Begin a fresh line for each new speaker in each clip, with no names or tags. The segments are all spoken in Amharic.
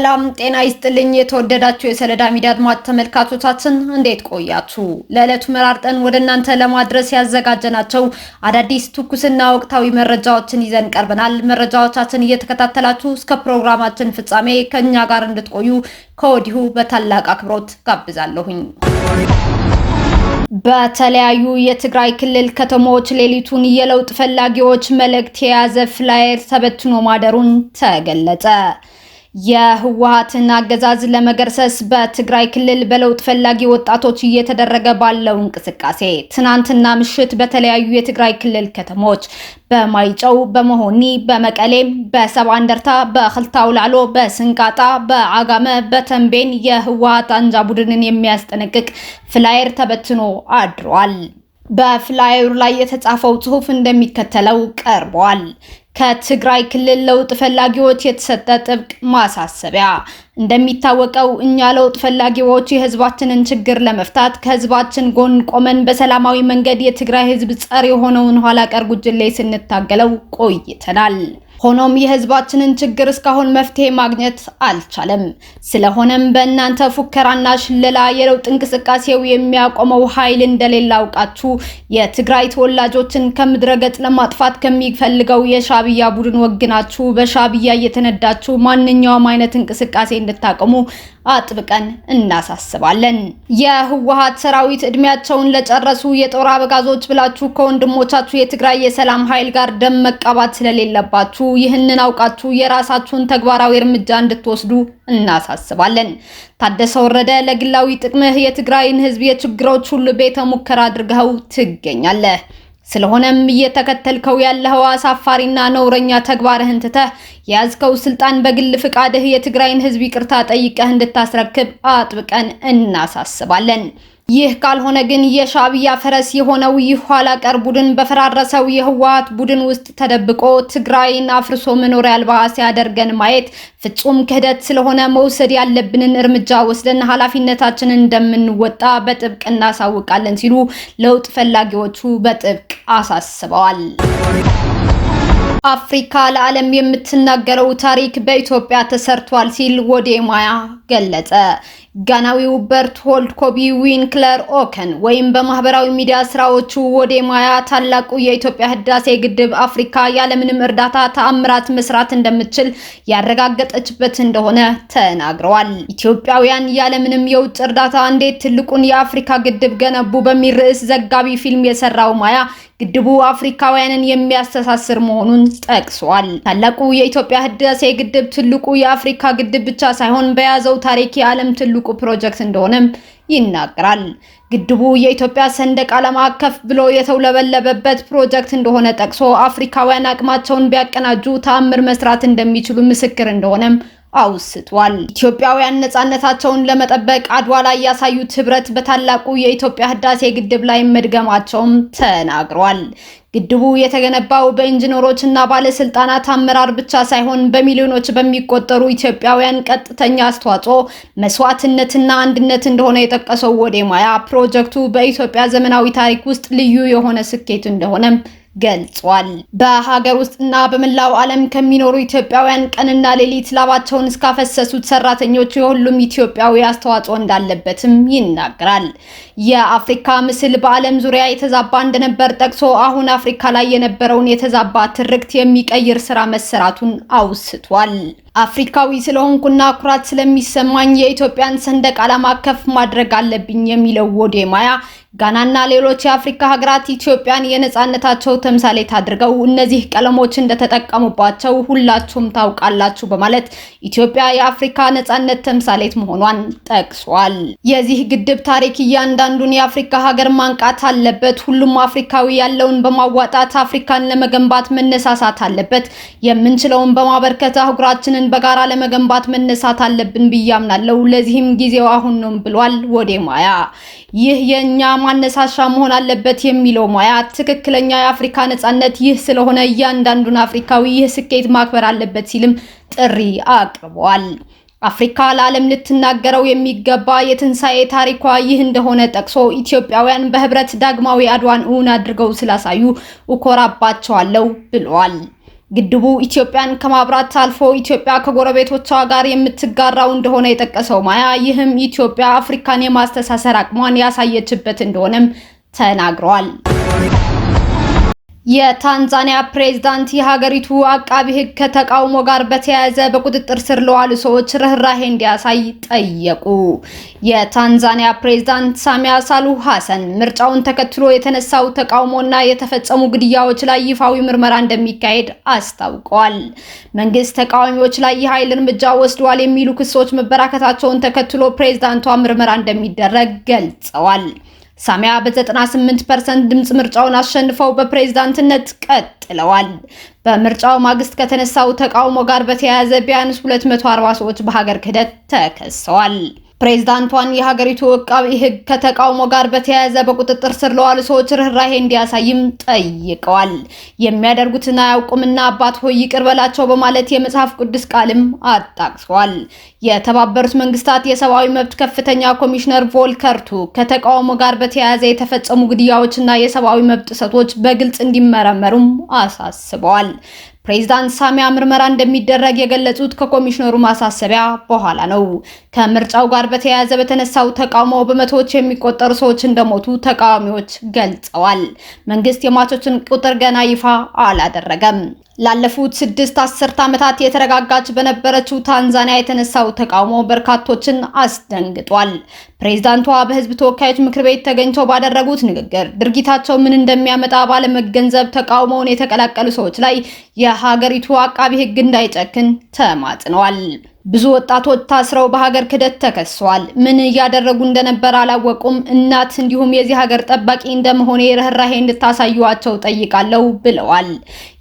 ሰላም ጤና ይስጥልኝ። የተወደዳችሁ የሰለዳ ሚዲያ አድማጭ ተመልካቾቻችን እንዴት ቆያችሁ? ለዕለቱ መራርጠን ወደ እናንተ ለማድረስ ያዘጋጀናቸው አዳዲስ ትኩስና ወቅታዊ መረጃዎችን ይዘን ቀርበናል። መረጃዎቻችን እየተከታተላችሁ እስከ ፕሮግራማችን ፍጻሜ ከእኛ ጋር እንድትቆዩ ከወዲሁ በታላቅ አክብሮት ጋብዛለሁኝ። በተለያዩ የትግራይ ክልል ከተሞች ሌሊቱን የለውጥ ፈላጊዎች መልእክት የያዘ ፍላየር ተበትኖ ማደሩን ተገለጸ። የህወሀትን አገዛዝ ለመገርሰስ በትግራይ ክልል በለውጥ ፈላጊ ወጣቶች እየተደረገ ባለው እንቅስቃሴ ትናንትና ምሽት በተለያዩ የትግራይ ክልል ከተሞች በማይጨው፣ በመሆኒ፣ በመቀሌም፣ በሰባ እንደርታ፣ በክልታ አውላሎ፣ በስንቃጣ፣ በአጋመ፣ በተንቤን የህወሀት አንጃ ቡድንን የሚያስጠነቅቅ ፍላየር ተበትኖ አድሯል። በፍላየሩ ላይ የተጻፈው ጽሁፍ እንደሚከተለው ቀርቧል። ከትግራይ ክልል ለውጥ ፈላጊዎች የተሰጠ ጥብቅ ማሳሰቢያ። እንደሚታወቀው እኛ ለውጥ ፈላጊዎች የህዝባችንን ችግር ለመፍታት ከህዝባችን ጎን ቆመን በሰላማዊ መንገድ የትግራይ ህዝብ ጸር የሆነውን ኋላ ቀር ጉጅሌ ስንታገለው ቆይተናል። ሆኖም የህዝባችንን ችግር እስካሁን መፍትሄ ማግኘት አልቻለም። ስለሆነም በእናንተ ፉከራና ሽለላ የለውጥ እንቅስቃሴው የሚያቆመው ኃይል እንደሌለ አውቃችሁ የትግራይ ተወላጆችን ከምድረገጽ ለማጥፋት ከሚፈልገው የሻዕቢያ ቡድን ወግናችሁ በሻዕቢያ እየተነዳችሁ ማንኛውም አይነት እንቅስቃሴ እንድታቆሙ አጥብቀን እናሳስባለን። የህወሀት ሰራዊት እድሜያቸውን ለጨረሱ የጦር አበጋዞች ብላችሁ ከወንድሞቻችሁ የትግራይ የሰላም ኃይል ጋር ደም መቀባት ስለሌለባችሁ ይህንን አውቃችሁ የራሳችሁን ተግባራዊ እርምጃ እንድትወስዱ እናሳስባለን። ታደሰ ወረደ ለግላዊ ጥቅምህ የትግራይን ህዝብ የችግሮች ሁሉ ቤተ ሙከራ አድርገው ትገኛለህ። ስለሆነም እየተከተልከው ያለኸው አሳፋሪና ነውረኛ ተግባርህን ትተህ የያዝከው ስልጣን በግል ፍቃድህ የትግራይን ህዝብ ይቅርታ ጠይቀህ እንድታስረክብ አጥብቀን እናሳስባለን። ይህ ካልሆነ ግን የሻዕቢያ ፈረስ የሆነው ይህ ኋላ ቀር ቡድን በፈራረሰው የህወሓት ቡድን ውስጥ ተደብቆ ትግራይን አፍርሶ መኖሪያ አልባ ሲያደርገን ማየት ፍጹም ክህደት ስለሆነ መውሰድ ያለብንን እርምጃ ወስደን ኃላፊነታችንን እንደምንወጣ በጥብቅ እናሳውቃለን ሲሉ ለውጥ ፈላጊዎቹ በጥብቅ አሳስበዋል። አፍሪካ ለዓለም የምትናገረው ታሪክ በኢትዮጵያ ተሰርቷል ሲል ወዴ ማያ ገለጸ። ጋናዊው በርትሆልድ ኮቢ ዊንክለር ኦከን ወይም በማህበራዊ ሚዲያ ስራዎቹ ወደ ማያ ታላቁ የኢትዮጵያ ህዳሴ ግድብ አፍሪካ ያለምንም እርዳታ ተአምራት መስራት እንደምትችል ያረጋገጠችበት እንደሆነ ተናግረዋል። ኢትዮጵያውያን ያለምንም የውጭ እርዳታ እንዴት ትልቁን የአፍሪካ ግድብ ገነቡ በሚል ርዕስ ዘጋቢ ፊልም የሰራው ማያ ግድቡ አፍሪካውያንን የሚያስተሳስር መሆኑን ጠቅሷል። ታላቁ የኢትዮጵያ ህዳሴ ግድብ ትልቁ የአፍሪካ ግድብ ብቻ ሳይሆን በያዘው ታሪክ የዓለም ትልቁ ፕሮጀክት እንደሆነም ይናገራል። ግድቡ የኢትዮጵያ ሰንደቅ ዓላማ ከፍ ብሎ የተውለበለበበት ፕሮጀክት እንደሆነ ጠቅሶ አፍሪካውያን አቅማቸውን ቢያቀናጁ ተአምር መስራት እንደሚችሉ ምስክር እንደሆነም አውስቷል። ኢትዮጵያውያን ነጻነታቸውን ለመጠበቅ አድዋ ላይ ያሳዩት ህብረት በታላቁ የኢትዮጵያ ህዳሴ ግድብ ላይ መድገማቸውም ተናግሯል። ግድቡ የተገነባው በኢንጂነሮች እና ባለስልጣናት አመራር ብቻ ሳይሆን በሚሊዮኖች በሚቆጠሩ ኢትዮጵያውያን ቀጥተኛ አስተዋጽኦ፣ መስዋዕትነትና አንድነት እንደሆነ የጠቀሰው ወዴማያ። ማያ ፕሮጀክቱ በኢትዮጵያ ዘመናዊ ታሪክ ውስጥ ልዩ የሆነ ስኬት እንደሆነም ገልጿል። በሀገር ውስጥና በመላው ዓለም ከሚኖሩ ኢትዮጵያውያን ቀንና ሌሊት ላባቸውን እስካፈሰሱት ሰራተኞች የሁሉም ኢትዮጵያዊ አስተዋጽኦ እንዳለበትም ይናገራል። የአፍሪካ ምስል በዓለም ዙሪያ የተዛባ እንደነበር ጠቅሶ አሁን አፍሪካ ላይ የነበረውን የተዛባ ትርክት የሚቀይር ስራ መሰራቱን አውስቷል። አፍሪካዊ ስለሆንኩና ኩራት ስለሚሰማኝ የኢትዮጵያን ሰንደቅ ዓላማ ከፍ ማድረግ አለብኝ የሚለው ወዴማያ ጋናና ሌሎች የአፍሪካ ሀገራት ኢትዮጵያን የነጻነታቸው ተምሳሌት አድርገው እነዚህ ቀለሞች እንደተጠቀሙባቸው ሁላችሁም ታውቃላችሁ በማለት ኢትዮጵያ የአፍሪካ ነጻነት ተምሳሌት መሆኗን ጠቅሷል። የዚህ ግድብ ታሪክ እያንዳንዱን የአፍሪካ ሀገር ማንቃት አለበት። ሁሉም አፍሪካዊ ያለውን በማዋጣት አፍሪካን ለመገንባት መነሳሳት አለበት። የምንችለውን በማበርከት አህጉራችንን ሀገራችንን በጋራ ለመገንባት መነሳት አለብን ብዬ አምናለሁ። ለዚህም ጊዜው አሁን ነው ብሏል ወዴ ማያ። ይህ የእኛ ማነሳሻ መሆን አለበት የሚለው ማያ ትክክለኛ የአፍሪካ ነጻነት ይህ ስለሆነ እያንዳንዱን አፍሪካዊ ይህ ስኬት ማክበር አለበት ሲልም ጥሪ አቅርቧል። አፍሪካ ለዓለም ልትናገረው የሚገባ የትንሣኤ ታሪኳ ይህ እንደሆነ ጠቅሶ ኢትዮጵያውያን በህብረት ዳግማዊ አድዋን እውን አድርገው ስላሳዩ እኮራባቸዋለሁ ብለዋል። ግድቡ ኢትዮጵያን ከማብራት አልፎ ኢትዮጵያ ከጎረቤቶቿ ጋር የምትጋራው እንደሆነ የጠቀሰው ማያ ይህም ኢትዮጵያ አፍሪካን የማስተሳሰር አቅሟን ያሳየችበት እንደሆነም ተናግረዋል። የታንዛኒያ ፕሬዝዳንት የሀገሪቱ አቃቢ ሕግ ከተቃውሞ ጋር በተያያዘ በቁጥጥር ስር ለዋሉ ሰዎች ርኅራሄ እንዲያሳይ ጠየቁ። የታንዛኒያ ፕሬዝዳንት ሳሚያ ሳሉ ሀሰን ምርጫውን ተከትሎ የተነሳው ተቃውሞና የተፈጸሙ ግድያዎች ላይ ይፋዊ ምርመራ እንደሚካሄድ አስታውቀዋል። መንግስት ተቃዋሚዎች ላይ የኃይል እርምጃ ወስደዋል የሚሉ ክሶች መበራከታቸውን ተከትሎ ፕሬዝዳንቷ ምርመራ እንደሚደረግ ገልጸዋል። ሳሚያ በ98 ፐርሰንት ድምፅ ምርጫውን አሸንፈው በፕሬዝዳንትነት ቀጥለዋል። በምርጫው ማግስት ከተነሳው ተቃውሞ ጋር በተያያዘ ቢያንስ 240 ሰዎች በሀገር ክህደት ተከሰዋል። ፕሬዝዳንቷን የሀገሪቱ አቃቤ ሕግ ከተቃውሞ ጋር በተያያዘ በቁጥጥር ስር ለዋሉ ሰዎች ርኅራሄ እንዲያሳይም ጠይቀዋል። የሚያደርጉትን አያውቁምና አባት ሆይ ይቅር በላቸው በማለት የመጽሐፍ ቅዱስ ቃልም አጣቅሰዋል። የተባበሩት መንግስታት የሰብአዊ መብት ከፍተኛ ኮሚሽነር ቮልከርቱ ከተቃውሞ ጋር በተያያዘ የተፈጸሙ ግድያዎችና የሰብአዊ መብት ጥሰቶች በግልጽ እንዲመረመሩም አሳስበዋል። ፕሬዚዳንት ሳሚያ ምርመራ እንደሚደረግ የገለጹት ከኮሚሽነሩ ማሳሰቢያ በኋላ ነው። ከምርጫው ጋር በተያያዘ በተነሳው ተቃውሞ በመቶዎች የሚቆጠሩ ሰዎች እንደሞቱ ተቃዋሚዎች ገልጸዋል። መንግስት የሟቾችን ቁጥር ገና ይፋ አላደረገም። ላለፉት ስድስት አስርት ዓመታት የተረጋጋች በነበረችው ታንዛኒያ የተነሳው ተቃውሞ በርካቶችን አስደንግጧል። ፕሬዚዳንቷ በሕዝብ ተወካዮች ምክር ቤት ተገኝተው ባደረጉት ንግግር ድርጊታቸው ምን እንደሚያመጣ ባለመገንዘብ ተቃውሞውን የተቀላቀሉ ሰዎች ላይ የሀገሪቱ አቃቢ ሕግ እንዳይጨክን ተማጽነዋል። ብዙ ወጣቶች ታስረው በሀገር ክደት ተከሰዋል። ምን እያደረጉ እንደነበር አላወቁም። እናት እንዲሁም የዚህ ሀገር ጠባቂ እንደመሆኔ ርኅራሄ እንድታሳዩዋቸው ጠይቃለሁ ብለዋል።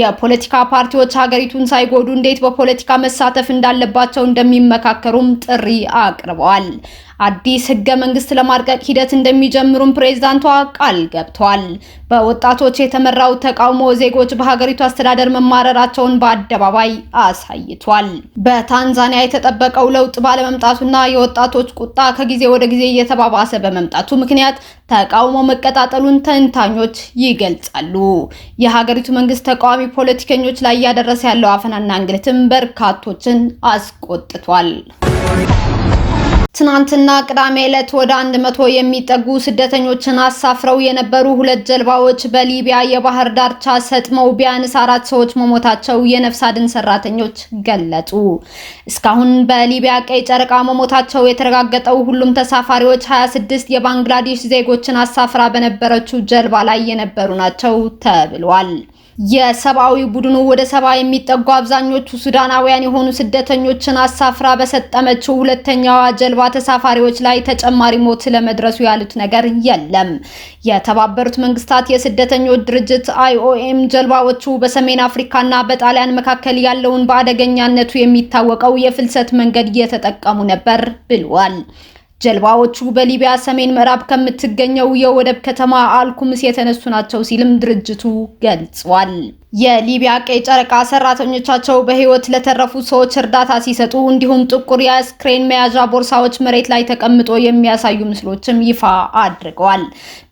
የፖለቲካ ፓርቲዎች ሀገሪቱን ሳይጎዱ እንዴት በፖለቲካ መሳተፍ እንዳለባቸው እንደሚመካከሩም ጥሪ አቅርበዋል። አዲስ ህገ መንግስት ለማርቀቅ ሂደት እንደሚጀምሩም ፕሬዝዳንቷ ቃል ገብቷል። በወጣቶች የተመራው ተቃውሞ ዜጎች በሀገሪቱ አስተዳደር መማረራቸውን በአደባባይ አሳይቷል። በታንዛኒያ የተጠበቀው ለውጥ ባለመምጣቱና የወጣቶች ቁጣ ከጊዜ ወደ ጊዜ እየተባባሰ በመምጣቱ ምክንያት ተቃውሞ መቀጣጠሉን ተንታኞች ይገልጻሉ። የሀገሪቱ መንግስት ተቃዋሚ ፖለቲከኞች ላይ እያደረሰ ያለው አፈናና እንግልትም በርካቶችን አስቆጥቷል። ትናንትና ቅዳሜ ዕለት ወደ አንድ መቶ የሚጠጉ ስደተኞችን አሳፍረው የነበሩ ሁለት ጀልባዎች በሊቢያ የባህር ዳርቻ ሰጥመው ቢያንስ አራት ሰዎች መሞታቸው የነፍስ አድን ሰራተኞች ገለጹ። እስካሁን በሊቢያ ቀይ ጨረቃ መሞታቸው የተረጋገጠው ሁሉም ተሳፋሪዎች 26 የባንግላዴሽ ዜጎችን አሳፍራ በነበረችው ጀልባ ላይ የነበሩ ናቸው ተብሏል። የሰብአዊ ቡድኑ ወደ ሰባ የሚጠጉ አብዛኞቹ ሱዳናውያን የሆኑ ስደተኞችን አሳፍራ በሰጠመችው ሁለተኛዋ ጀልባ ተሳፋሪዎች ላይ ተጨማሪ ሞት ለመድረሱ ያሉት ነገር የለም። የተባበሩት መንግስታት የስደተኞች ድርጅት አይኦኤም ጀልባዎቹ በሰሜን አፍሪካና በጣሊያን መካከል ያለውን በአደገኛነቱ የሚታወቀው የፍልሰት መንገድ እየተጠቀሙ ነበር ብሏል። ጀልባዎቹ በሊቢያ ሰሜን ምዕራብ ከምትገኘው የወደብ ከተማ አልኩምስ የተነሱ ናቸው ሲልም ድርጅቱ ገልጿል። የሊቢያ ቀይ ጨረቃ ሰራተኞቻቸው በህይወት ለተረፉ ሰዎች እርዳታ ሲሰጡ እንዲሁም ጥቁር የአስክሬን መያዣ ቦርሳዎች መሬት ላይ ተቀምጦ የሚያሳዩ ምስሎችም ይፋ አድርገዋል።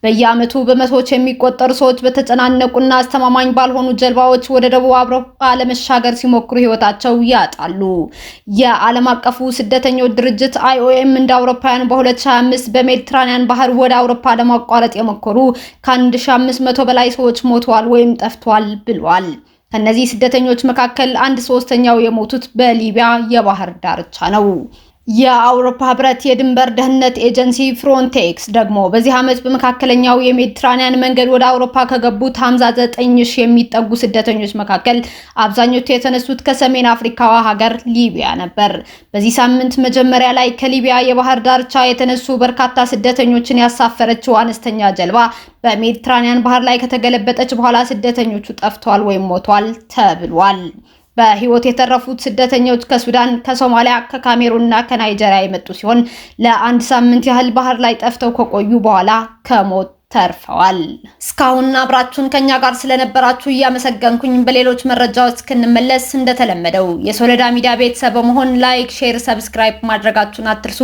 በየዓመቱ በመቶዎች የሚቆጠሩ ሰዎች በተጨናነቁና አስተማማኝ ባልሆኑ ጀልባዎች ወደ ደቡብ አውሮፓ ለመሻገር ሲሞክሩ ህይወታቸው ያጣሉ። የዓለም አቀፉ ስደተኞች ድርጅት አይኦኤም እንደ አውሮፓውያን በ2025 በሜዲትራኒያን ባህር ወደ አውሮፓ ለማቋረጥ የሞከሩ ከ1500 በላይ ሰዎች ሞተዋል ወይም ጠፍቷል ብሏል። ተገድለዋል። ከእነዚህ ስደተኞች መካከል አንድ ሶስተኛው የሞቱት በሊቢያ የባህር ዳርቻ ነው። የአውሮፓ ህብረት የድንበር ደህንነት ኤጀንሲ ፍሮንቴክስ ደግሞ በዚህ ዓመት በመካከለኛው የሜዲትራኒያን መንገድ ወደ አውሮፓ ከገቡት 59 ሺህ የሚጠጉ ስደተኞች መካከል አብዛኞቹ የተነሱት ከሰሜን አፍሪካዋ ሀገር ሊቢያ ነበር። በዚህ ሳምንት መጀመሪያ ላይ ከሊቢያ የባህር ዳርቻ የተነሱ በርካታ ስደተኞችን ያሳፈረችው አነስተኛ ጀልባ በሜዲትራኒያን ባህር ላይ ከተገለበጠች በኋላ ስደተኞቹ ጠፍተዋል ወይም ሞቷል ተብሏል። በህይወት የተረፉት ስደተኞች ከሱዳን፣ ከሶማሊያ፣ ከካሜሩን እና ከናይጀሪያ የመጡ ሲሆን ለአንድ ሳምንት ያህል ባህር ላይ ጠፍተው ከቆዩ በኋላ ከሞት ተርፈዋል። እስካሁን አብራችሁን ከኛ ጋር ስለነበራችሁ እያመሰገንኩኝ በሌሎች መረጃዎች እስክንመለስ እንደተለመደው የሶለዳ ሚዲያ ቤተሰብ በመሆን ላይክ፣ ሼር፣ ሰብስክራይብ ማድረጋችሁን አትርሱ።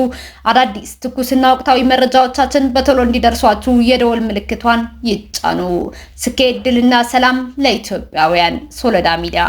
አዳዲስ ትኩስና ወቅታዊ መረጃዎቻችን በቶሎ እንዲደርሷችሁ የደወል ምልክቷን ይጫኑ። ስኬት፣ ድልና ሰላም ለኢትዮጵያውያን። ሶለዳ ሚዲያ